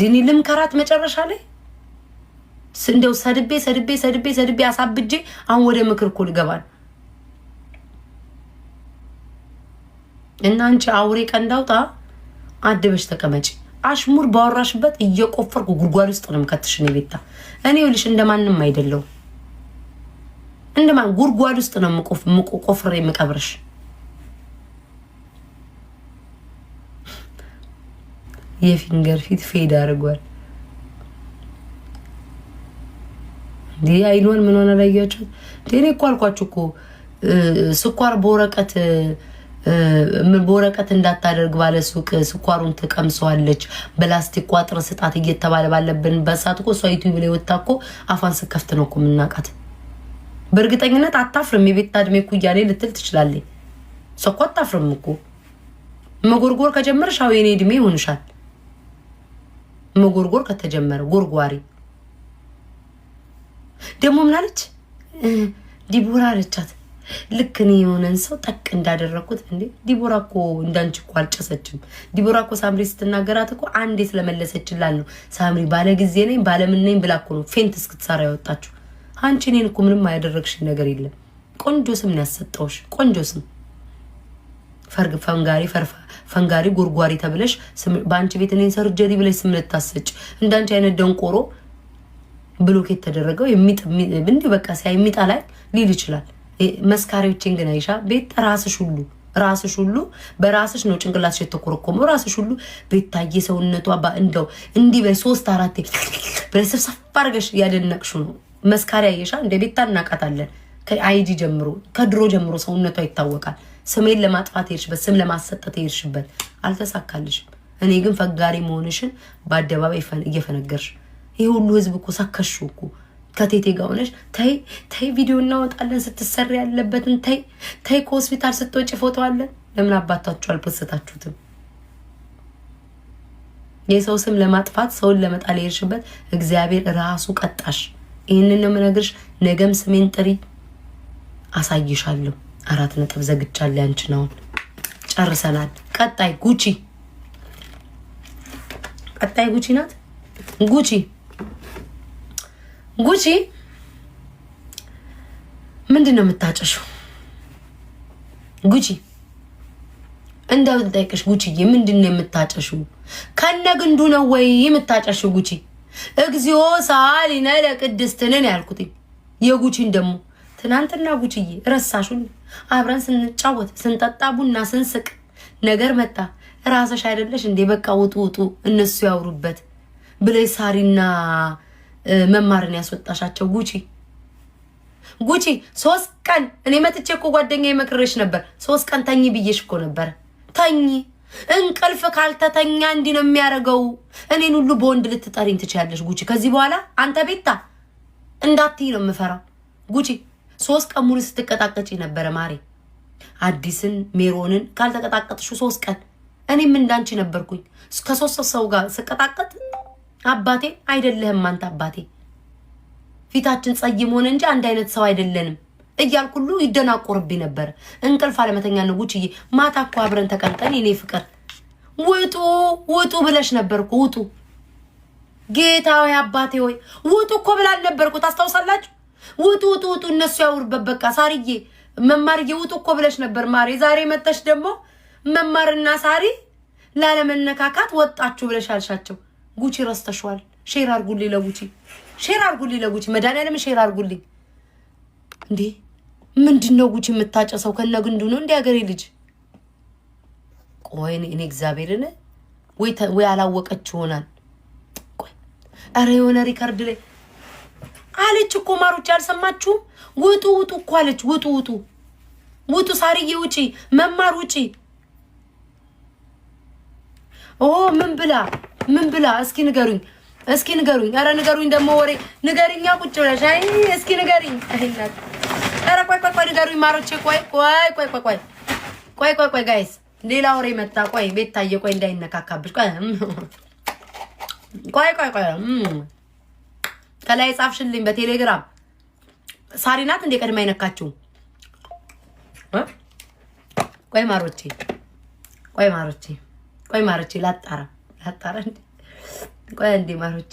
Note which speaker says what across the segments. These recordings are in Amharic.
Speaker 1: ድኒ ልምከራት መጨረሻ ላይ እንደው ሰድቤ ሰድቤ ሰድቤ ሰድቤ አሳብጄ አሁን ወደ ምክር እኮ ልገባል። እና አንቺ አውሬ ቀንዳውጣ አድበሽ ተቀመጪ። አሽሙር ባወራሽበት እየቆፈርኩ ጉድጓድ ውስጥ ነው የምከትሽ። እኔ ቤታ እኔ ይኸውልሽ እንደማንም አይደለው እንደማን ጉድጓድ ውስጥ ነው ቆፍሬ የምቀብርሽ። የፊንገር ፊት ፌድ አድርጓል። እንዲህ አይኗን ምን ሆነ ላያቸው እኔ እኮ አልኳችሁ እኮ ስኳር በወረቀት በወረቀት እንዳታደርግ ባለ ሱቅ ስኳሩን ትቀምሰዋለች በላስቲክ ቋጥር ስጣት እየተባለ ባለብን በሳት እኮ እሷ ዩቲዩብ ላይ ወጣ እኮ አፋን ስከፍት ነው እኮ የምናውቃት። በእርግጠኝነት አታፍርም። የቤት እድሜ ኩያኔ ልትል ትችላለች። እሷ እኮ አታፍርም እኮ መጎርጎር ከጀመርሽ አዎ የኔ እድሜ ይሆንሻል። መጎርጎር ከተጀመረ ጎርጓሪ ደግሞ ምናለች ዲቦራ አለቻት። ልክ እኔ የሆነን ሰው ጠቅ እንዳደረግኩት እንዴ ዲቦራ እኮ እንዳንቺ እኮ አልጨሰችም። ዲቦራ እኮ ሳምሪ ስትናገራት እኮ አንዴ ስለመለሰችላል ነው ሳምሪ ባለ ጊዜ ነኝ ባለምን ነኝ ብላ እኮ ነው ፌንት እስክትሰራ ያወጣችሁ። አንቺ እኔን እኮ ምንም ያደረግሽ ነገር የለም። ቆንጆ ስም ነው ያሰጠውሽ። ቆንጆ ስም ፈንጋሪ ፈርፋ ፈንጋሪ ጎርጓሪ ተብለሽ በአንቺ ቤት እኔን ሰርጀሪ ብለሽ ስም ልታሰጭ እንዳንቺ አይነት ደንቆሮ ብሎኬት ተደረገው እንዲ በቃ ሲያ የሚጣላይ ሊል ይችላል። መስካሪዎችን ግን አይሻ ቤት ራስሽ ሁሉ ራስሽ ሁሉ በራስሽ ነው ጭንቅላት የተኮረኮመው። ራስሽ ሁሉ ቤታዬ ሰውነቷ እንደው እንዲህ በሶስት አራት በስብሰብ አድርገሽ ያደነቅሹ ነው። መስካሪ አየሻ እንደ ቤታ እናቃታለን። ከአይዲ ጀምሮ ከድሮ ጀምሮ ሰውነቷ ይታወቃል። ስሜን ለማጥፋት ሄድሽበት፣ ስም ለማሰጠት ሄድሽበት፣ አልተሳካልሽም። እኔ ግን ፈጋሪ መሆንሽን በአደባባይ እየፈነገርሽ ይህ ሁሉ ህዝብ እኮ ሰከሹ እኮ ከቴቴ ጋር ሆነሽ ተይ ተይ፣ ቪዲዮ እናወጣለን ስትሰሪ ያለበትን ተይ ተይ፣ ከሆስፒታል ስትወጪ አለን። ለምን አባታችሁ አልፖሰታችሁትም? የሰው ስም ለማጥፋት ሰውን ለመጣል የሄድሽበት እግዚአብሔር ራሱ ቀጣሽ። ይህንን ነው የምነግርሽ። ነገም ስሜን ጥሪ አሳይሻለሁ። አራት ነጥብ ዘግቻለሁ። ያንቺ አሁን ጨርሰናል። ቀጣይ ጉቺ፣ ቀጣይ ጉቺ ናት። ጉቺ ጉቺ ምንድን ነው የምታጨሽው? ጉቺ እንደምንጠይቅሽ ልጠይቅሽ፣ ጉቺዬ ምንድን ነው የምታጨሽው? ከነ ግንዱ ነው ወይ የምታጨሽው? ጉቺ እግዚኦ ሰአሊነ ለቅድስትንን ያልኩትኝ የጉቺን ደግሞ ትናንትና ጉችዬ ረሳሹን አብረን ስንጫወት ስንጠጣ ቡና ስንስቅ ነገር መጣ። ራሰሽ አይደለሽ እንዴ? በቃ ውጡ ውጡ፣ እነሱ ያውሩበት ብለይ ሳሪና መማርን ያስወጣሻቸው ጉቺ ጉቺ ሶስት ቀን እኔ መጥቼ እኮ ጓደኛ የመክረሽ ነበር። ሶስት ቀን ተኝ ብዬሽ እኮ ነበር። ተኝ እንቅልፍ ካልተተኛ እንዲህ ነው የሚያደርገው። እኔን ሁሉ በወንድ ልትጠሪኝ ትችያለሽ ጉቺ። ከዚህ በኋላ አንተ ቤታ እንዳትይ ነው የምፈራው ጉቺ። ሶስት ቀን ሙሉ ስትቀጣቀጭ ነበረ ማሬ። አዲስን ሜሮንን ካልተቀጣቀጥሹ ሶስት ቀን እኔም እንዳንቺ ነበርኩኝ። ከሶስት ሰው ጋር ስቀጣቀጥ አባቴ አይደለህም አንተ አባቴ፣ ፊታችን ጸይም ሆነ እንጂ አንድ አይነት ሰው አይደለንም እያልኩሉ ሁሉ ይደናቆርብኝ ነበር እንቅልፍ አለመተኛ ንጉችዬ፣ ማታ እኮ አብረን ተቀምጠን የኔ ፍቅር ውጡ ውጡ ብለሽ ነበርኩ። ውጡ ጌታ ወይ አባቴ ወይ ውጡ እኮ ብላል ነበርኩ። ታስታውሳላችሁ? ውጡ ውጡ ውጡ፣ እነሱ ያውሩበት በቃ። ሳርዬ መማርዬ ውጡ እኮ ብለሽ ነበር ማሬ። ዛሬ መተሽ ደግሞ መማርና ሳሪ ላለመነካካት ወጣችሁ ብለሽ አልሻቸው። ጉቺ ረስተሸዋል። ሼር አርጉልኝ ለጉቺ፣ ሼር አርጉልኝ ለጉቺ፣ መድኃኒዓለም ሼር አርጉልኝ። እንዴ ምንድን ነው ጉቺ የምታጨሰው? ከነ ግንዱ ነው እንዲ ሀገሬ ልጅ። ቆይ እኔ እግዚአብሔርን ወይ አላወቀች ይሆናል። ቆይ ኧረ የሆነ ሪከርድ ላይ አለች እኮ ማሮች፣ ያልሰማችሁም? ውጡ ውጡ እኮ አለች። ውጡ ውጡ ውጡ፣ ሳርዬ ውጪ፣ መማር ውጪ። ኦ ምን ብላ ምን ብላ? እስኪ ንገሩኝ፣ እስኪ ንገሩኝ። ኧረ ንገሩኝ ደግሞ ወሬ ንገርኛ፣ ቁጭ ብለሽ። አይ እስኪ ንገሪኝ። አይናት ኧረ ቆይ ቆይ ቆይ ንገሩኝ ማሮቼ። ቆይ ቆይ ቆይ ቆይ ቆይ ቆይ ቆይ ጋይስ፣ ሌላ ወሬ መጣ። ቆይ ቤት ታየ። ቆይ እንዳይነካካብሽ። ቆይ ቆይ ቆይ ቆይ ከላይ ጻፍሽልኝ በቴሌግራም ሳሪ ናት እንዴ? ቀድማ አይነካችሁ? ቆይ ማሮቼ፣ ቆይ ማሮቼ፣ ቆይ ማሮቼ፣ ላጣራ ላጣራ። እንዴ ቆይ እንዴ ማሮቼ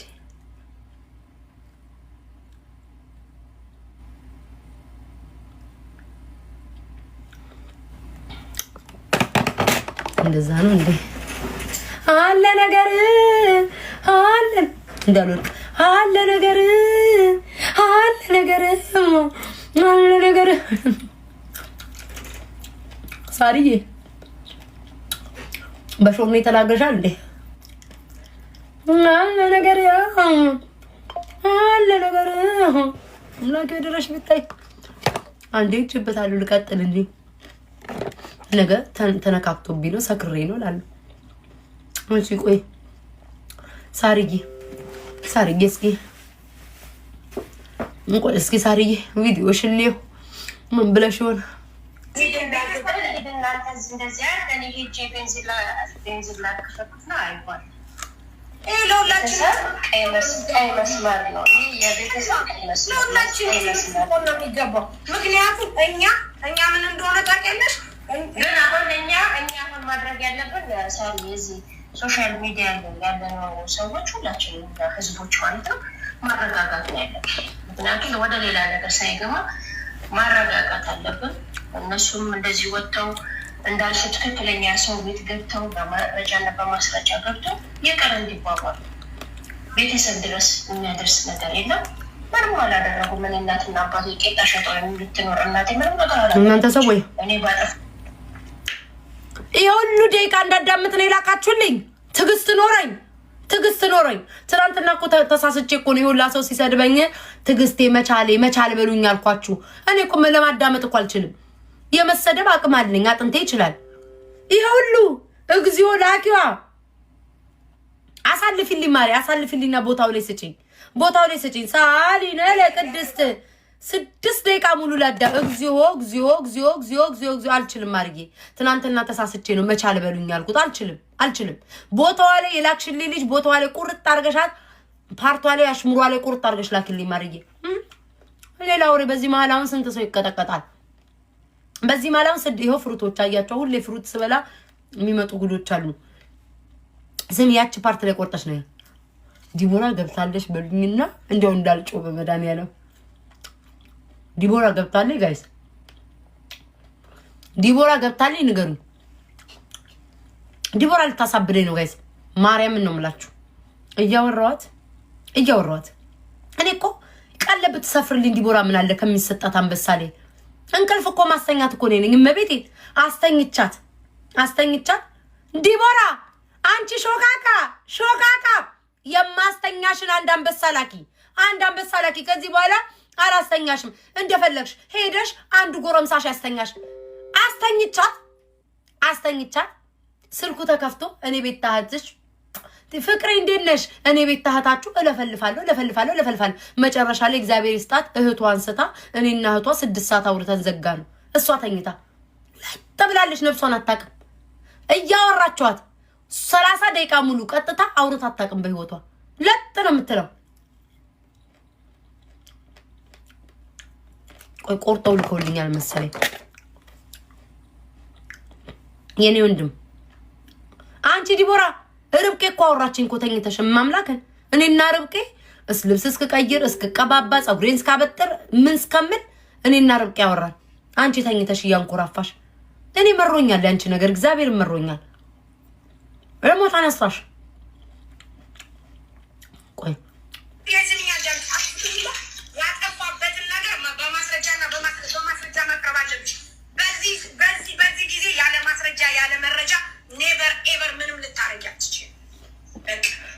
Speaker 1: እንደዛ ነው እንዴ? አለ ነገር አለ እንዳልወርቅ አለ ነገር አለ ነገር አለ ነገር ሳሪዬ በሾም የተላገሻል እንዴ? አለ ነገር አለ ነገር አምላክ ድረሽ ብታይ አንዴ ይችበታሉ። ልቀጥል እንዴ ነገ ተነካክቶብኝ ነው ሰክሬ ነው እላለሁ። እሺ ቆይ ሳሪዬ ሳርዬ እስኪ እንቆይ እስኪ ሳርዬ ቪዲዮሽን ልየው። ምን ብለሽ ይሆን?
Speaker 2: ምክንያቱም እኛ እኛ ምን እንደሆነ ታውቂያለሽ። ግን አሁን እኛ እኛ አሁን ማድረግ ያለብን ሳርዬ እዚህ ሶሻል ሚዲያ ላይ ያለነው ሰዎች ሁላችንም ህዝቦች ማለት ነው ማረጋጋት ነው ያለ። ምክንያቱም ወደ ሌላ ነገር ሳይገባ ማረጋጋት አለብን። እነሱም እንደዚህ ወጥተው እንዳልሱ ትክክለኛ ሰው ቤት ገብተው በመረጃና በማስረጃ ገብተው የቀረ እንዲባባሉ ቤተሰብ ድረስ የሚያደርስ ነገር የለም። ምንም አላደረጉ። ምን እናትና አባት ቄጣ ሸጠው የምትኖር እናቴ ምንም ነገር
Speaker 1: አላ እናንተ ሰው ወይ እኔ ባጠፍ የሁሉ ደቂቃ እንዳዳምጥ ነው የላካችሁልኝ። ትግስት ኖረኝ ትግስት ኖረኝ። ትናንትና እኮ ተሳስቼ እኮ ነው የሁላ ሰው ሲሰድበኝ ትግስቴ መቻሌ መቻል በሉኝ አልኳችሁ። እኔ እኮ ለማዳመጥ እኮ አልችልም። የመሰደብ አቅም አለኝ፣ አጥንቴ ይችላል። ይሄ ሁሉ እግዚኦ ላኪዋ አሳልፊልኝ፣ ማሪ አሳልፊልኝና ቦታው ላይ ስጭኝ፣ ቦታው ላይ ስጭኝ። ሳሊነ ለቅድስት ስድስት ደቂቃ ሙሉ ላዳ እግዚኦ እግዚኦ እግዚኦ እግዚኦ እግዚኦ እግዚኦ አልችልም። አድርጌ ትናንትና ተሳስቼ ነው መቻል በሉኝ ያልኩት። አልችልም አልችልም። ቦታዋ ላይ የላክሽልኝ ልጅ ቦታዋ ላይ ቁርጥ አርገሻት፣ ፓርቷ ላይ አሽሙሯ ላይ ቁርጥ አርገሽ ላክልኝ አድርጌ። ሌላ ወሬ በዚህ መሀል አሁን ስንት ሰው ይቀጠቀጣል? በዚህ መሀል አሁን ስድ ይኸው ፍሩቶች አያቸው። ሁሌ ፍሩት ስበላ የሚመጡ ጉዶች አሉ። ዝም ያቺ ፓርት ላይ ቆርጠች ነው ዲቦራ ገብታለሽ በሉኝና እንዲያው እንዳልጮ በመዳን ያለው ዲቦራ ገብታለች። ጋይስ ዲቦራ ገብታለች። ንገሩ ዲቦራ ልታሳብደኝ ነው ጋይስ። ማርያምን ነው የምላችሁ። እያወራኋት እያወራኋት እኔ እኮ ቃለ ብትሰፍርልኝ ዲቦራ ምን አለ ከሚሰጣት አንበሳሌ እንቅልፍ እኮ ማስተኛት እኮ ነኝ። እመቤቴ አስተኝቻት አስተኝቻት ዲቦራ አንቺ ሾካካ ሾካካ የማስተኛሽን አንድ አንበሳ ላኪ፣ አንድ አንበሳ ላኪ። ከዚህ በኋላ አላስተኛሽም። እንደፈለግሽ ሄደሽ አንድ ጎረምሳሽ ያስተኛሽ። አስተኝቻት አስተኝቻት ስልኩ ተከፍቶ እኔ ቤት ታህትሽ ፍቅሬ እንዴት ነሽ? እኔ ቤት ታህታችሁ እለፈልፋለሁ እለፈልፋለሁ እለፈልፋለሁ። መጨረሻ ላይ እግዚአብሔር ይስጣት እህቷ አንስታ እኔና እህቷ ስድስት ሰዓት አውርተን ዘጋ ነው። እሷ ተኝታ ተብላለች። ነፍሷን አታውቅም። እያወራችኋት ሰላሳ ደቂቃ ሙሉ ቀጥታ አውርታ አታውቅም። በህይወቷ ለጥ ነው የምትለው ቆይ ቆርጠው ልኮልኛል መሰለኝ የኔ ወንድም። አንቺ ዲቦራ ርብቄ እኮ አወራችኝ እኮ ተኝተሽ ማምላክን እኔና ርብቄ ልብስ እስክቀይር እስክቀባባ ፀጉሬን እስካበጥር ምን እስከምን እኔና ርብቄ አወራን። አንቺ ተኝተሽ እያንኮራፋሽ እኔ መሮኛል። ያንቺ ነገር እግዚአብሔር መሮኛል። ለሞት አነሳሽ
Speaker 2: አለብሽ። በዚህ በዚህ በዚህ ጊዜ ያለ ማስረጃ ያለ መረጃ ኔቨር ኤቨር ምንም ልታረጊ አትችል።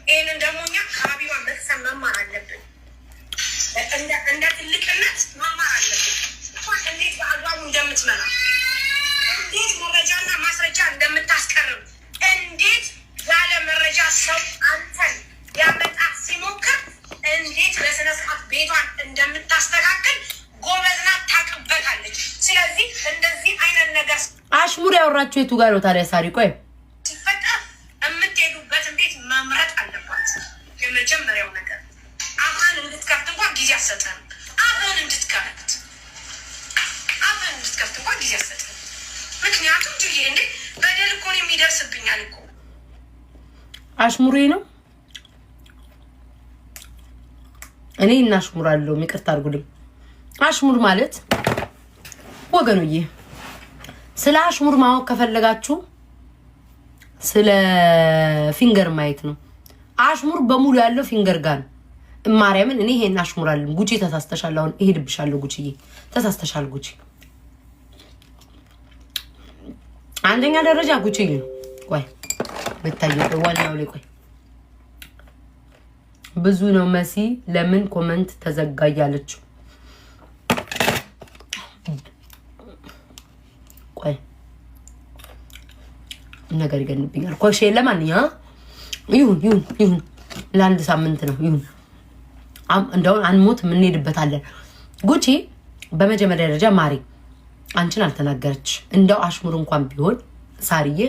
Speaker 2: ይህንን ደግሞ እኛ ከአቢባ መቅሰም መማር አለብን። እንደ ትልቅነት መማር አለብን። እንዴት በአግባቡ እንደምትመራ፣ እንዴት መረጃና ማስረጃ እንደምታስቀርብ፣ እንዴት ያለ መረጃ ሰው አንተን ያመጣት ሲሞክር እንዴት በስነስርዓት ቤቷን እንደምታስተካክል ጎበዝና ታቅበታለች። ስለዚህ እንደዚህ አይነት ነገር
Speaker 1: አሽሙር ያወራችሁ የቱ ጋር ነው ታዲያ? ሳሪ ቆይ
Speaker 2: ሲፈጠር የምትሄዱበት እንዴት መምረጥ አለባት። የመጀመሪያው ነገር አብረን እንድትከፍት እንኳን ጊዜ አሰጠንም። አብረን እንድትከፍት አብረን እንድትከፍት እንኳን ጊዜ አሰጠንም። ምክንያቱም ጅዬ እንዴ በደል እኮ ነው የሚደርስብኛል እኮ
Speaker 1: አሽሙሬ ነው እኔ እናሽሙራለሁ። ይቅርታ አድርጉልኝ። አሽሙር ማለት ወገኖዬ ስለ አሽሙር ማወቅ ከፈለጋችሁ ስለ ፊንገር ማየት ነው። አሽሙር በሙሉ ያለው ፊንገር ጋር ነው። ማርያምን እኔ ይሄን አሽሙራለሁ። ጉቺ ተሳስተሻል። አሁን እሄድብሻለሁ። ጉቺዬ ተሳስተሻል። ጉቺ አንደኛ ደረጃ ጉቺዬ ነው። ቆይ ብታየው ዋናው ላይ ቆይ ብዙ ነው መሲ ለምን ኮመንት ተዘጋ ያለችው ቆይ ነገር ይገንብኛል። ኮሽ ለማንኛ ይሁን ይሁን ይሁን ለአንድ ሳምንት ነው ይሁን። እንደውም አንሞት የምንሄድበታለን። ጉቺ በመጀመሪያ ደረጃ ማሪ አንቺን አልተናገረች። እንደው አሽሙር እንኳን ቢሆን ሳርዬ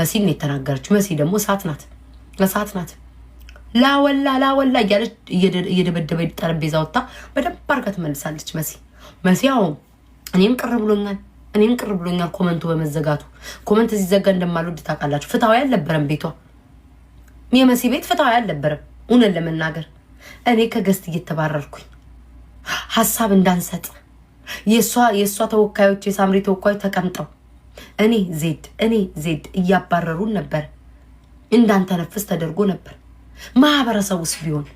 Speaker 1: መሲን የተናገረች። መሲ ደግሞ እሳት ናት፣ እሳት ናት። ላወላ ላወላ እያለች እየደበደበ ጠረጴዛ ወጥታ በደንብ አድርጋ ትመልሳለች መሲ መሲ አሁን እኔም ቅር ብሎኛል። እኔም ቅር ብሎኛል ኮመንቱ በመዘጋቱ ኮመንት ሲዘጋ እንደማልወድ ታውቃላችሁ። ፍትሐዊ አልነበረም ቤቷ የመሲ ቤት ፍትሐዊ አልነበረም። እውነን ለመናገር እኔ ከገስት እየተባረርኩኝ ሀሳብ እንዳንሰጥ የእሷ ተወካዮች የሳምሪ ተወካዮች ተቀምጠው እኔ ዜድ እኔ ዜድ እያባረሩን ነበር። እንዳንተነፍስ ተደርጎ ነበር። ማህበረሰቡስ ቢሆን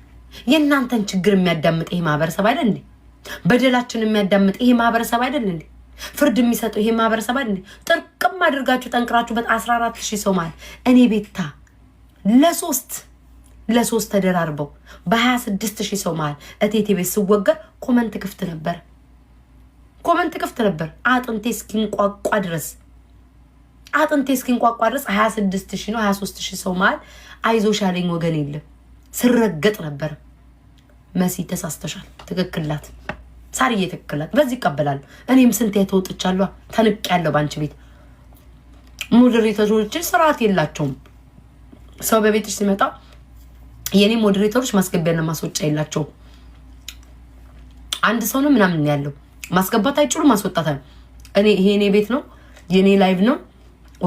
Speaker 1: የእናንተን ችግር የሚያዳምጥ ይሄ ማህበረሰብ አይደል እንዴ? በደላችን የሚያዳምጥ ይሄ ማህበረሰብ አይደል እንዴ? ፍርድ የሚሰጠው ይሄ ማህበረሰብ አይደል ጥርቅም አድርጋችሁ ጠንቅራችሁ በ14 ሺህ ሰው ማለት እኔ ቤታ ለሶስት ለሶስት ተደራርበው በ26 ሺህ ሰው መሀል እቴቴ ቤት ስወገር ኮመንት ክፍት ነበር። ኮመንት ክፍት ነበር። አጥንቴ እስኪንቋቋ ድረስ አጥንቴ እስኪንቋቋ ድረስ 26 ሺህ ነው 23 ሺህ ሰው መሀል አይዞሽ ያለኝ ወገን የለም ስረገጥ ነበርም። መሲ ተሳስተሻል፣ ትክክላት ሳርዬ ትክክላት። በዚህ ይቀበላሉ። እኔም ስንት የተወጥቻሉ ተንቅ ያለው በአንቺ ቤት ሞዴሬተሮችን ስርዓት የላቸውም። ሰው በቤትሽ ሲመጣ የእኔ ሞዴሬተሮች ማስገቢያና ማስወጫ የላቸው። አንድ ሰው ነው ምናምን ያለው ማስገባት አይችሉ ማስወጣት እኔ ይሄ የኔ ቤት ነው የእኔ ላይቭ ነው።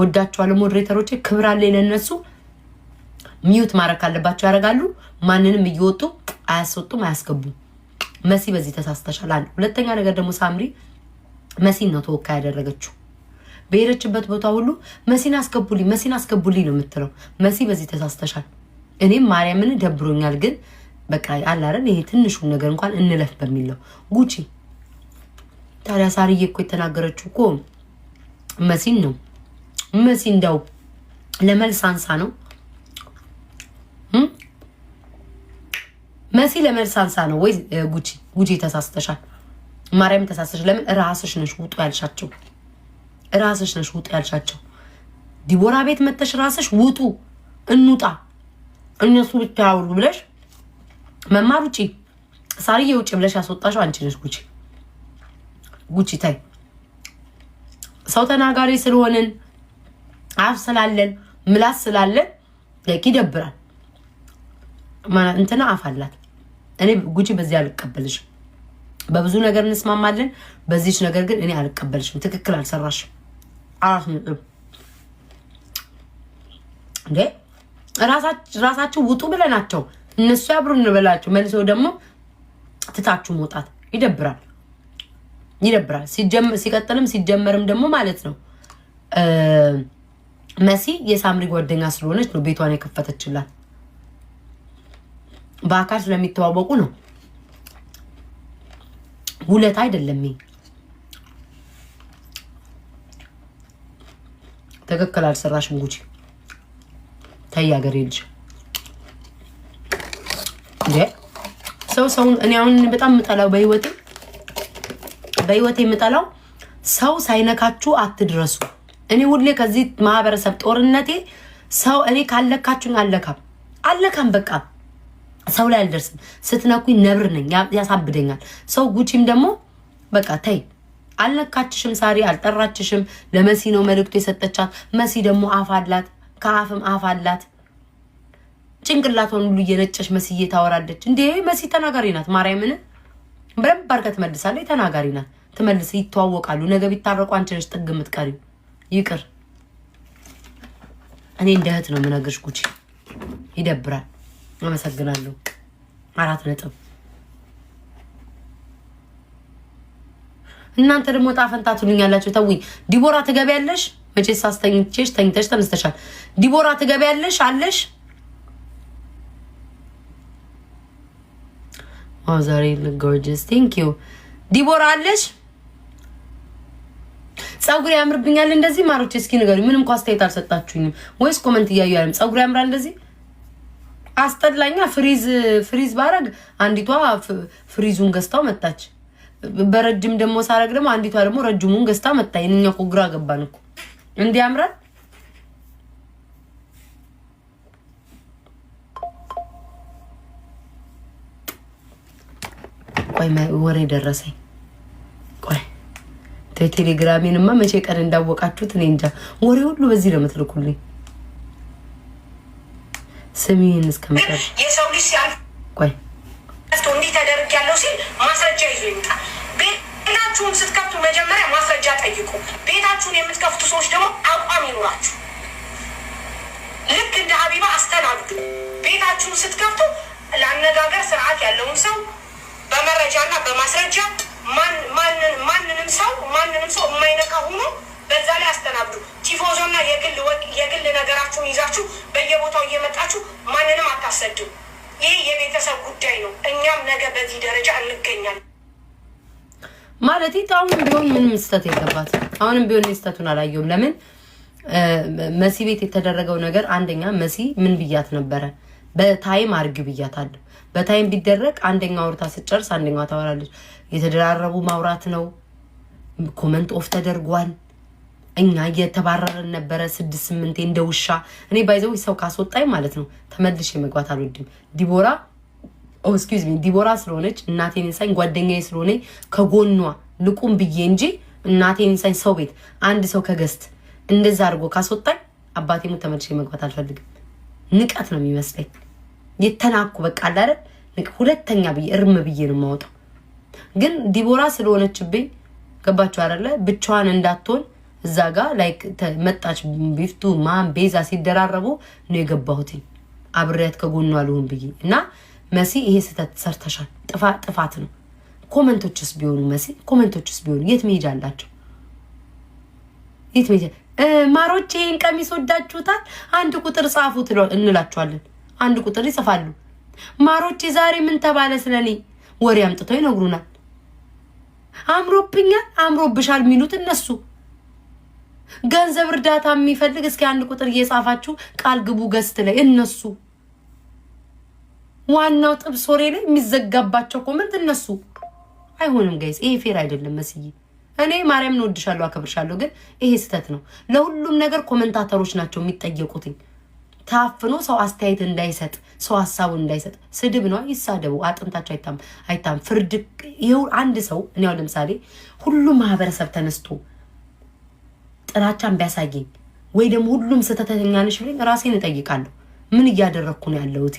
Speaker 1: ወዳቸዋለሁ ሞዴሬተሮች፣ ክብር አለኝ ለእነሱ። ሚዩት ማድረግ ካለባቸው ያደርጋሉ። ማንንም እየወጡ አያስወጡም፣ አያስገቡም። መሲ በዚህ ተሳስተሻል። አንድ ሁለተኛ ነገር ደግሞ ሳምሪ መሲን ነው ተወካይ ያደረገችው። በሄደችበት ቦታ ሁሉ መሲን አስገቡልኝ፣ መሲን አስገቡልኝ ነው የምትለው። መሲ በዚህ ተሳስተሻል። እኔም ማርያምን ደብሮኛል፣ ግን በቃ አላረን ይሄ ትንሹን ነገር እንኳን እንለፍ በሚል ነው ጉቺ። ታዲያ ሳርዬ እኮ የተናገረችው እኮ መሲን ነው። መሲ እንዲያው ለመልስ አንሳ ነው መሲ ለመልስ አንሳ ነው ወይ ጉቺ? ጉቺ ተሳስተሻል፣ ማርያም ተሳስተሽ ለምን ራስሽ ነሽ ውጡ ያልሻቸው፣ ራስሽ ነሽ ውጡ ያልሻቸው። ዲቦራ ቤት መተሽ ራስሽ ውጡ እንውጣ እነሱ ብቻ ያውሩ ብለሽ መማር ውጪ፣ ሳርዬ ውጪ ብለሽ ያስወጣሽው አንቺ ነሽ ጉቺ። ጉቺ ታይ ሰው ተናጋሪ ስለሆንን አፍ ስላለን ምላስ ስላለን ይደብራል። እንትና አፍ አላት። እኔ ጉጂ በዚህ አልቀበልሽም። በብዙ ነገር እንስማማለን፣ በዚች ነገር ግን እኔ አልቀበልሽም። ትክክል አልሰራሽም። አራት እንዴ ራሳችሁ ውጡ ብለናቸው እነሱ ያብሩ እንበላቸው። መልሰው ደግሞ ትታችሁ መውጣት ይደብራል፣ ይደብራል። ሲቀጥልም ሲጀመርም ደግሞ ማለት ነው መሲ የሳምሪ ጓደኛ ስለሆነች ነው ቤቷን የከፈተችላት። በአካል ስለሚተዋወቁ ነው። ሁለት አይደለም። ትክክል አልሰራሽም ጉቺ። ተይ አገሬ ልጅ እንዴ ሰው ሰውን እኔ አሁን በጣም የምጠላው በህይወቴ በህይወቴ የምጠላው ሰው ሳይነካችሁ አትድረሱ። እኔ ሁሌ ከዚህ ማህበረሰብ ጦርነቴ ሰው እኔ ካለካችሁኝ አለካም አለካም በቃ ሰው ላይ አልደርስም። ስትነኩኝ ነብር ነኝ፣ ያሳብደኛል። ሰው ጉቺም ደግሞ በቃ ተይ አልነካችሽም፣ ሳሪ አልጠራችሽም። ለመሲ ነው መልእክቱ የሰጠቻት። መሲ ደግሞ አፍ አላት፣ ከአፍም አፍ አላት። ጭንቅላቷን ሁሉ እየነጨሽ መስዬ ታወራለች። እንዴ መሲ ተናጋሪ ናት። ማርያምን በደንብ አድርጋ ትመልሳለች። ተናጋሪ ናት። ትመልስ ይተዋወቃሉ። ነገ ቢታረቁ አንቺ ነሽ ጥግ የምትቀሪው። ይቅር እኔ እንደ እህት ነው የምነግርሽ ጉቺ። ይደብራል። አመሰግናለሁ። አራት ነጥብ። እናንተ ደግሞ ጣፈንታ ትሉኛላችሁ። ተውኝ። ዲቦራ ትገቢያለሽ? መቼ ሳስተኝቼሽ ተኝተሽ ተነስተሻል። ዲቦራ ትገቢያለሽ አለሽ ዛሬ ጎርጅስ ቴንክ ዩ ዲቦራ አለሽ። ፀጉሬ ያምርብኛል እንደዚህ ማሮቼስኪ እስኪ ንገሩኝ። ምንም እኮ አስተያየት አልሰጣችሁኝም። ወይስ ኮመንት እያዩ ያለም ፀጉሬ ያምራል እንደዚህ አስጠላኛ። ፍሪዝ ፍሪዝ ባረግ አንዲቷ ፍሪዙን ገዝታው መጣች። በረጅም ደግሞ ሳረግ ደግሞ አንዲቷ ደግሞ ረጅሙን ገዝታ መጣ። የእኛ እኮ ግራ ገባን እኮ እንዲህ ያምራል። ቆይ ወሬ ደረሰኝ። ቆይ ቴሌግራሜንማ መቼ ቀን እንዳወቃችሁት እኔ እንጃ። ወሬ ሁሉ በዚህ ነው የምትልኩልኝ። ስሜን እስከምጠር የሰው ልጅ ሲያልፍ ቆይ
Speaker 2: እንዲህ ተደርግ ያለው ሲል ማስረጃ ይዞ ይምጣ። ቤታችሁን ስትከፍቱ መጀመሪያ ማስረጃ ጠይቁ። ቤታችሁን የምትከፍቱ ሰዎች ደግሞ አቋም ይኑራችሁ። ልክ እንደ ሀቢባ አስተናግዱ። ቤታችሁን ስትከፍቱ ለአነጋገር ስርዓት ያለውን ሰው በመረጃና በማስረጃ ማንንም ሰው ማንንም ሰው የማይነካ ሆኖ በዛ ላይ አስተናግዱ። ቲፎዞና የግል የግል ነገራችሁን ይዛችሁ በየቦታው እየመጣችሁ ማንንም አታሰድም። ይህ የቤተሰብ ጉዳይ ነው። እኛም ነገ በዚህ ደረጃ እንገኛለን።
Speaker 1: ማለት አሁንም ቢሆን ምንም ስህተት የገባት አሁንም ቢሆን ስህተቱን አላየውም። ለምን መሲ ቤት የተደረገው ነገር አንደኛ መሲ ምን ብያት ነበረ? በታይም አርግ ብያታለሁ። በታይም ቢደረግ አንደኛ አውርታ ስጨርስ አንደኛ ታወራለች። የተደራረቡ ማውራት ነው። ኮመንት ኦፍ ተደርጓል። እኛ እየተባረረን ነበረ ስድስት ስምንቴ እንደ ውሻ። እኔ ባይዘው ሰው ካስወጣኝ ማለት ነው ተመልሼ መግባት አልወድም። ዲቦራ ኤክስኪውዝ ሚ ዲቦራ ስለሆነች እናቴን ንሳኝ ጓደኛዬ ስለሆነ ከጎኗ ልቁም ብዬ እንጂ እናቴን ሳኝ ሰው ቤት አንድ ሰው ከገስት እንደዛ አድርጎ ካስወጣኝ አባቴሙ ተመልሼ መግባት አልፈልግም። ንቀት ነው የሚመስለኝ። የተናኩ በቃ አላረ ሁለተኛ ብዬ እርም ብዬ ነው የማወጣው። ግን ዲቦራ ስለሆነችብኝ ገባችሁ አይደለ? ብቻዋን እንዳትሆን እዛ ጋ ላይክ መጣች ቢፍቱ ማን ቤዛ ሲደራረቡ ነው የገባሁትኝ አብሬያት ከጎኑ አልሆን ብዬ እና መሲ ይሄ ስህተት ሰርተሻል፣ ጥፋት ነው። ኮመንቶችስ ቢሆኑ መሲ ኮመንቶችስ ቢሆኑ የት መሄጃ አላቸው? የት መሄጃ ማሮች ይህን ቀሚስ ወዳችሁታል፣ አንድ ቁጥር ጻፉ እንላችኋለን። አንድ ቁጥር ይጽፋሉ። ማሮች ዛሬ ምን ተባለ ስለኔ ወሬ አምጥተው ይነግሩናል። አምሮብኛል፣ አምሮብሻል የሚሉት እነሱ ገንዘብ እርዳታ የሚፈልግ እስኪ አንድ ቁጥር እየጻፋችሁ ቃል ግቡ። ገስት ላይ እነሱ ዋናው ጥብ ሶሬ ላይ የሚዘጋባቸው ኮመንት እነሱ አይሆንም። ጋይስ ይሄ ፌር አይደለም። መስዬ እኔ ማርያም እወድሻለሁ፣ አከብርሻለሁ፣ ግን ይሄ ስህተት ነው። ለሁሉም ነገር ኮመንታተሮች ናቸው የሚጠየቁትኝ። ታፍኖ ሰው አስተያየት እንዳይሰጥ ሰው ሀሳቡን እንዳይሰጥ ስድብ ነው። ይሳደቡ፣ አጥንታቸው አይታም አይታም። ፍርድ ይኸው አንድ ሰው እኔ ለምሳሌ ሁሉም ማህበረሰብ ተነስቶ ጥላቻን ቢያሳየኝ ወይ ደግሞ ሁሉም ስህተተኛ ነሽ ብለኝ ራሴን እጠይቃለሁ። ምን እያደረግኩ ነው ያለሁት?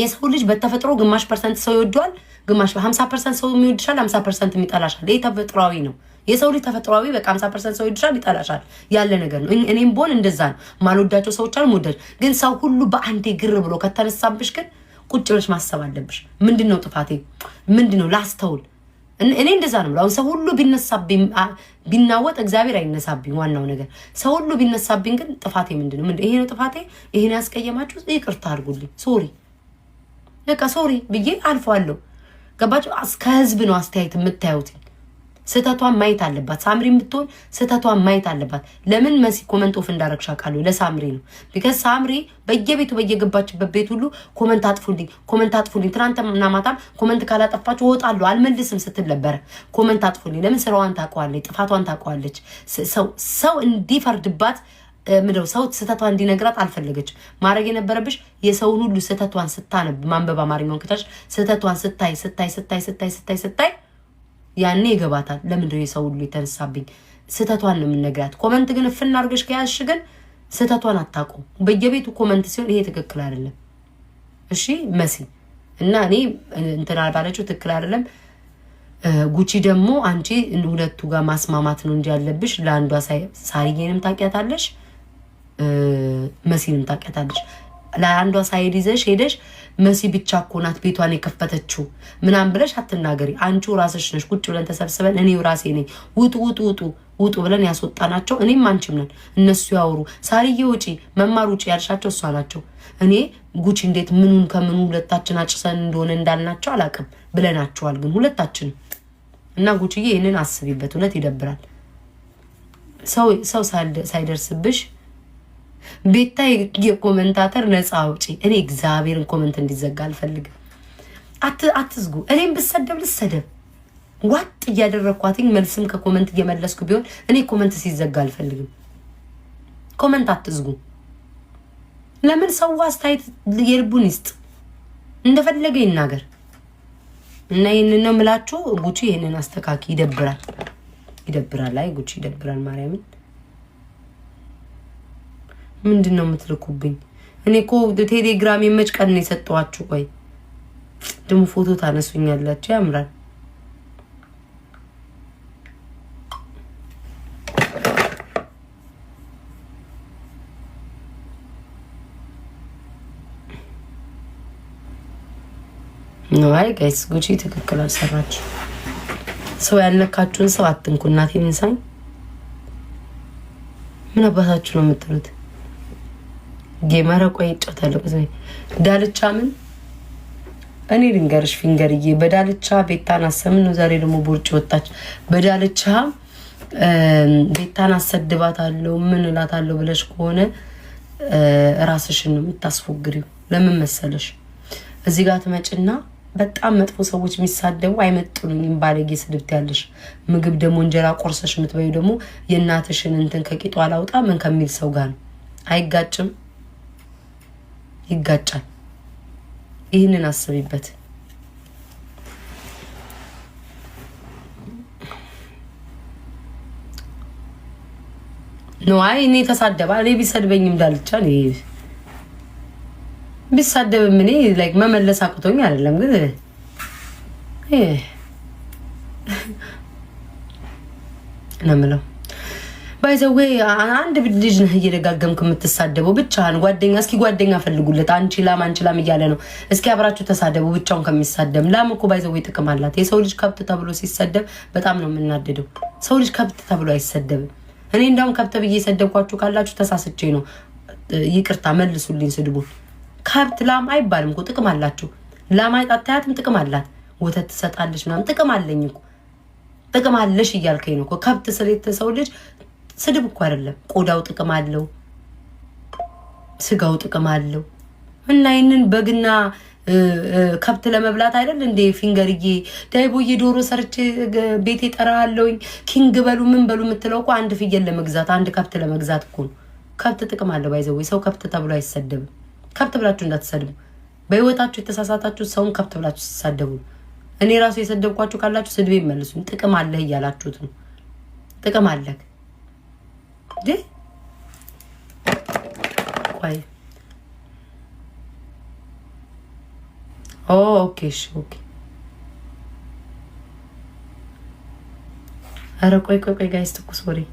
Speaker 1: የሰው ልጅ በተፈጥሮ ግማሽ ፐርሰንት ሰው ይወደዋል፣ ግማሽ ሀምሳ ፐርሰንት ሰው የሚወድሻል፣ ሀምሳ ፐርሰንት የሚጠላሻል። ይህ ተፈጥሯዊ ነው። የሰው ልጅ ተፈጥሯዊ በቃ ሀምሳ ፐርሰንት ሰው ይወድሻል፣ ይጠላሻል ያለ ነገር ነው። እኔም ቦን እንደዛ ነው። ማልወዳቸው ሰዎች አሉ፣ ወዳቸው ግን ሰው ሁሉ በአንዴ ግር ብሎ ከተነሳብሽ ግን ቁጭ ብለሽ ማሰብ አለብሽ። ምንድን ነው ጥፋቴ? ምንድን ነው ላስተውል እኔ እንደዛ ነው። አሁን ሰው ሁሉ ቢነሳብኝ ቢናወጥ እግዚአብሔር አይነሳብኝ። ዋናው ነገር ሰው ሁሉ ቢነሳብኝ ግን ጥፋቴ ምንድን ነው? ይሄ ነው ጥፋቴ። ይሄን ያስቀየማችሁ ይቅርታ አድርጉልኝ፣ ሶሪ በቃ ሶሪ ብዬ አልፈዋለሁ። ገባችሁ? ከህዝብ ነው አስተያየት የምታዩት። ስህተቷን ማየት አለባት። ሳምሪ የምትሆን ስህተቷን ማየት አለባት። ለምን መሲ ኮመንት ኦፍ እንዳረግሻ ቃሉ ለሳምሪ ነው። ቢከስ ሳምሪ በየቤቱ በየገባችበት ቤት ሁሉ ኮመንት አጥፉልኝ፣ ኮመንት አጥፉልኝ፣ ትናንትና ማታም ኮመንት ካላጠፋችሁ እወጣለሁ አልመልስም ስትል ነበረ። ኮመንት አጥፉልኝ። ለምን ስራዋን ታውቀዋለች፣ ጥፋቷን ታውቀዋለች። ሰው እንዲፈርድባት ምድው ሰው ስህተቷን እንዲነግራት አልፈለገች። ማድረግ የነበረብሽ የሰውን ሁሉ ስህተቷን ስታነብ ማንበብ አማርኛውን ክታች ስህተቷን ስታይ ስታይ ስታይ ስታይ ስታይ ስታይ ያኔ ይገባታል። ለምንድነው የሰው ሁሉ የተነሳብኝ? ስህተቷን ነው የምንነግራት። ኮመንት ግን እፍና አድርገሽ ከያዝሽ ግን ስህተቷን አታውቀውም። በየቤቱ ኮመንት ሲሆን ይሄ ትክክል አይደለም። እሺ መሲ እና እኔ እንትን አልባለችው ትክክል አይደለም። ጉቺ ደግሞ አንቺ ሁለቱ ጋር ማስማማት ነው እንጂ ያለብሽ ለአንዷ ሳሪዬንም ታውቂያታለሽ፣ መሲንም ታውቂያታለሽ። ለአንዷ ሳይድ ይዘሽ ሄደሽ መሲ ብቻ እኮ ናት ቤቷን የከፈተችው ምናምን ብለሽ አትናገሪ። አንቺ ራስሽ ነሽ። ቁጭ ብለን ተሰብስበን እኔው ራሴ ነኝ ውጡ ውጡ ውጡ ውጡ ብለን ያስወጣናቸው እኔም አንቺም ነን። እነሱ ያወሩ ሳርዬ ውጪ መማር ውጪ ያልሻቸው እሷ ናቸው። እኔ ጉቺ እንዴት ምኑን ከምኑ ሁለታችን አጭሰን እንደሆነ እንዳልናቸው አላውቅም ብለናቸዋል። ግን ሁለታችን እና ጉቺዬ ይህንን አስቢበት። እውነት ይደብራል ሰው ሳይደርስብሽ ቤታ የኮመንታተር ነፃ አውጪ። እኔ እግዚአብሔርን ኮመንት እንዲዘጋ አልፈልግም። አትዝጉ። እኔም ብሰደብ ልሰደብ ዋጥ እያደረግኳትኝ መልስም ከኮመንት እየመለስኩ ቢሆን እኔ ኮመንት ሲዘጋ አልፈልግም። ኮመንት አትዝጉ። ለምን ሰው አስተያየት የልቡን ይስጥ፣ እንደፈለገ ይናገር እና ይህንን ነው የምላችሁ። ጉቺ ይህንን አስተካኪ። ይደብራል፣ ይደብራል። አይ ጉቺ ይደብራል ማርያምን ምንድን ነው የምትልኩብኝ? እኔ እኮ ቴሌግራም የመጭ ቀን ነው የሰጠዋችሁ? ቆይ ደግሞ ፎቶ ታነሱኛላችሁ። ያምራል። ነዋይ ጋይስ ጉቺ ትክክል አልሰራችሁ። ሰው ያልነካችሁን ሰው አትንኩ። እናቴን ምን አባታችሁ ነው የምትሉት? ጌመረቆ ይጫወታለሁ። ዳልቻ ምን እኔ ልንገርሽ ፊንገርዬ፣ በዳልቻ ቤታን አሰምን ነው። ዛሬ ደግሞ ቦርጭ ወጣች። በዳልቻ ቤታን አሰድባታለሁ ምን እላታለሁ ብለሽ ከሆነ ራስሽን ነው የምታስፎግሪው። ለምን መሰለሽ እዚህ ጋር ትመጭና በጣም መጥፎ ሰዎች የሚሳደቡ አይመጡንም፣ ባለጌ ስድብት ያለሽ ምግብ ደግሞ እንጀራ ቆርሰሽ የምትበዩ ደግሞ የእናትሽን እንትን ከቂጧ አላውጣ ምን ከሚል ሰው ጋር ነው አይጋጭም። ይጋጫል። ይህንን አስቢበት። ነው አይ እኔ ተሳደባ እኔ ቢሰድበኝም ዳልቻ እኔ ቢሳደብም እኔ ላይክ መመለስ አቅቶኝ አይደለም፣ ግን ነው የምለው ባይዘዌ አንድ ልጅ ነህ እየደጋገምክ የምትሳደበው ብቻህን። ጓደኛ እስኪ ጓደኛ ፈልጉለት። አንቺ ላም አንቺ ላም እያለ ነው። እስኪ አብራችሁ ተሳደቡ ብቻውን ከሚሳደብ ላም እኮ ባይዘዌ ጥቅም አላት። የሰው ልጅ ከብት ተብሎ ሲሰደብ በጣም ነው የምናደደው። ሰው ልጅ ከብት ተብሎ አይሰደብም። እኔ እንዳውም ከብት ብዬ የሰደብኳችሁ ካላችሁ ተሳስቼ ነው። ይቅርታ መልሱልኝ ስድቡ። ከብት ላም አይባልም እኮ ጥቅም አላችሁ። ላም አይጣታያትም ጥቅም አላት። ወተት ትሰጣለች ምናምን። ጥቅም አለኝ እኮ ጥቅም አለሽ እያልከኝ ነው ከብት ስሌት ልጅ ስድብ እኮ አይደለም። ቆዳው ጥቅም አለው፣ ስጋው ጥቅም አለው እና ይህንን በግና ከብት ለመብላት አይደል እንዴ? ፊንገርዬ ዳይቦዬ ዶሮ ሰርቼ ቤቴ ጠራለውኝ ኪንግ በሉ ምን በሉ የምትለው እኮ አንድ ፍየል ለመግዛት አንድ ከብት ለመግዛት እኮ ነው። ከብት ጥቅም አለው። ባይዘወይ ሰው ከብት ተብሎ አይሰደብም። ከብት ብላችሁ እንዳትሰድቡ። በህይወታችሁ የተሳሳታችሁ ሰውን ከብት ብላችሁ ሲሳደቡ እኔ ራሱ የሰደብኳችሁ ካላችሁ ስድቤ መልሱኝ። ጥቅም አለህ እያላችሁት ነው። ጥቅም አለህ Где? Ой. О, окей, шуки. А рукой какой гайсток усмотри.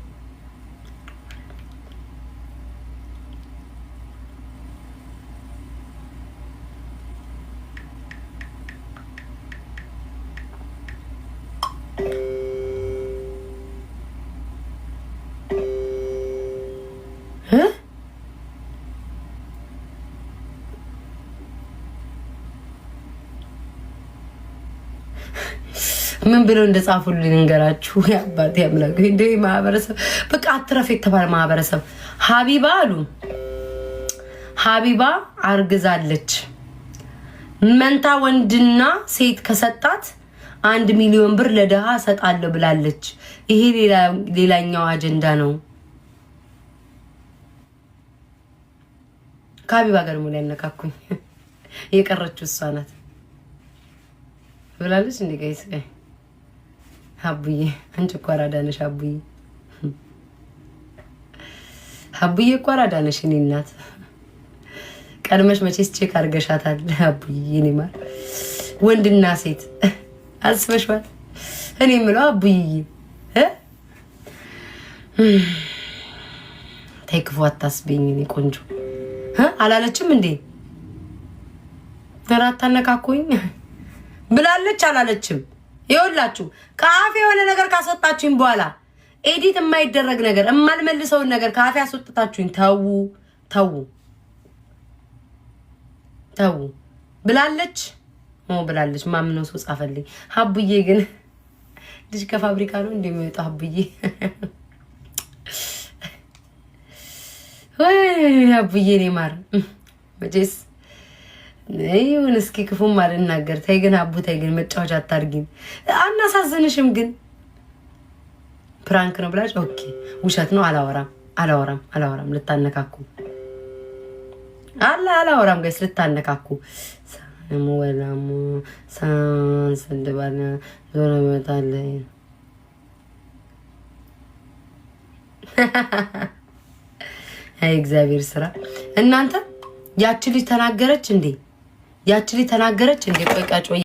Speaker 1: ምን ብለው እንደጻፉልኝ እንገራችሁ። የአባቴ አምላክ እንደ ማህበረሰብ በቃ አትረፍ የተባለ ማህበረሰብ። ሀቢባ አሉ ሀቢባ አርግዛለች። መንታ ወንድና ሴት ከሰጣት አንድ ሚሊዮን ብር ለድሃ እሰጣለሁ ብላለች። ይሄ ሌላኛው አጀንዳ ነው። ከሀቢባ ጋር ሙሉ ያነካኩኝ የቀረችው እሷ ናት ብላለች እንደ አቡዬ አንቺ እኮ አራዳ ነሽ አቡዬ። አቡዬ እኮ አራዳ ነሽ እኔ እናት። ቀድመሽ መቼስ ቼክ አድርገሻታል አቡዬ። እኔ ማር ወንድና ሴት አስበሽዋል። እኔ የምለው አቡዬ ተይ ክፉ አታስቢኝ እኔ ቆንጆ አላለችም እንዴ? ኧረ አታነካኩኝ ብላለች አላለችም? ይኸውላችሁ ከአፌ የሆነ ነገር ካስወጣችሁኝ በኋላ ኤዲት የማይደረግ ነገር የማልመልሰውን ነገር ከአፌ አስወጥታችሁኝ ተዉ ተዉ ተዉ ብላለች ብላለች። ማምነው ሰው ጻፈልኝ። ሀቡዬ ግን ልጅ ከፋብሪካ ነው እንደሚወጣ ሀቡዬ ሀቡዬ ኔማር መቼስ ይሁን እስኪ ክፉም አልናገር። ተይ ግን አቡ ተይ ግን መጫወቻ አታርጊም። አናሳዝንሽም ግን ፕራንክ ነው ብላች። ኦኬ ውሸት ነው አላወራም፣ አላወራም፣ አላወራም። ልታነካኩ አላ አላወራም። ጋይስ ልታነካኩ ወላሙ ሳንስልባለ ዞነ በታለ እግዚአብሔር ስራ እናንተ ያቺ ልጅ ተናገረች እንዴ? ያችሊ ተናገረች እንዴ? ቆይ ቃጮ